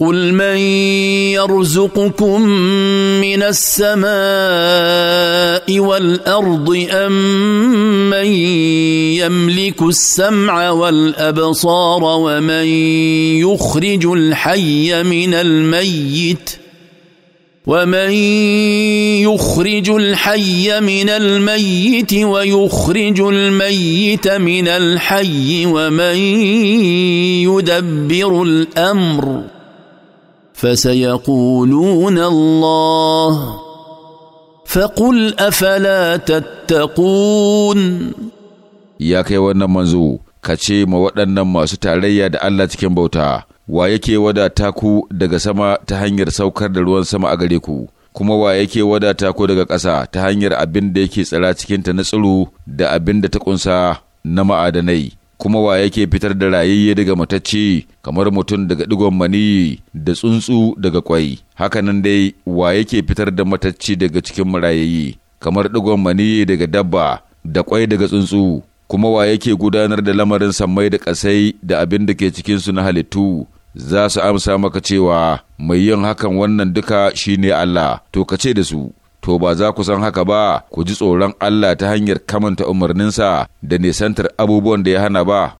قل من يرزقكم من السماء والارض ام من يملك السمع والابصار ومن يخرج الحي من الميت ومن يخرج الحي من الميت ويخرج الميت من الحي ومن يدبر الامر فسيقولون الله فقل أفلا تتقون يا كي wannan manzo ka ce ma waɗannan masu tarayya da Allah cikin bauta wa yake wadata ku daga sama ta hanyar saukar da ruwan sama a gare ku kuma wa yake wadata ku daga ƙasa ta hanyar abin da yake tsira cikinta na tsiro da abin da ta ƙunsa na ma'adanai kuma wa yake fitar da rayayye daga matacce kamar mutum daga digon maniyi da tsuntsu daga kwai hakanan dai wa yake fitar da matacce daga cikin marayayye kamar digon maniyi daga dabba da kwai daga tsuntsu kuma wa yake gudanar da lamarin sammai da kasai da abin da ke cikinsu na halittu za su amsa maka cewa mai yin hakan wannan duka shine Allah to ka ce da su to ba za ku san haka ba ku ji tsoron Allah ta hanyar kamanta umarninsa da nisantar abubuwan da ya hana ba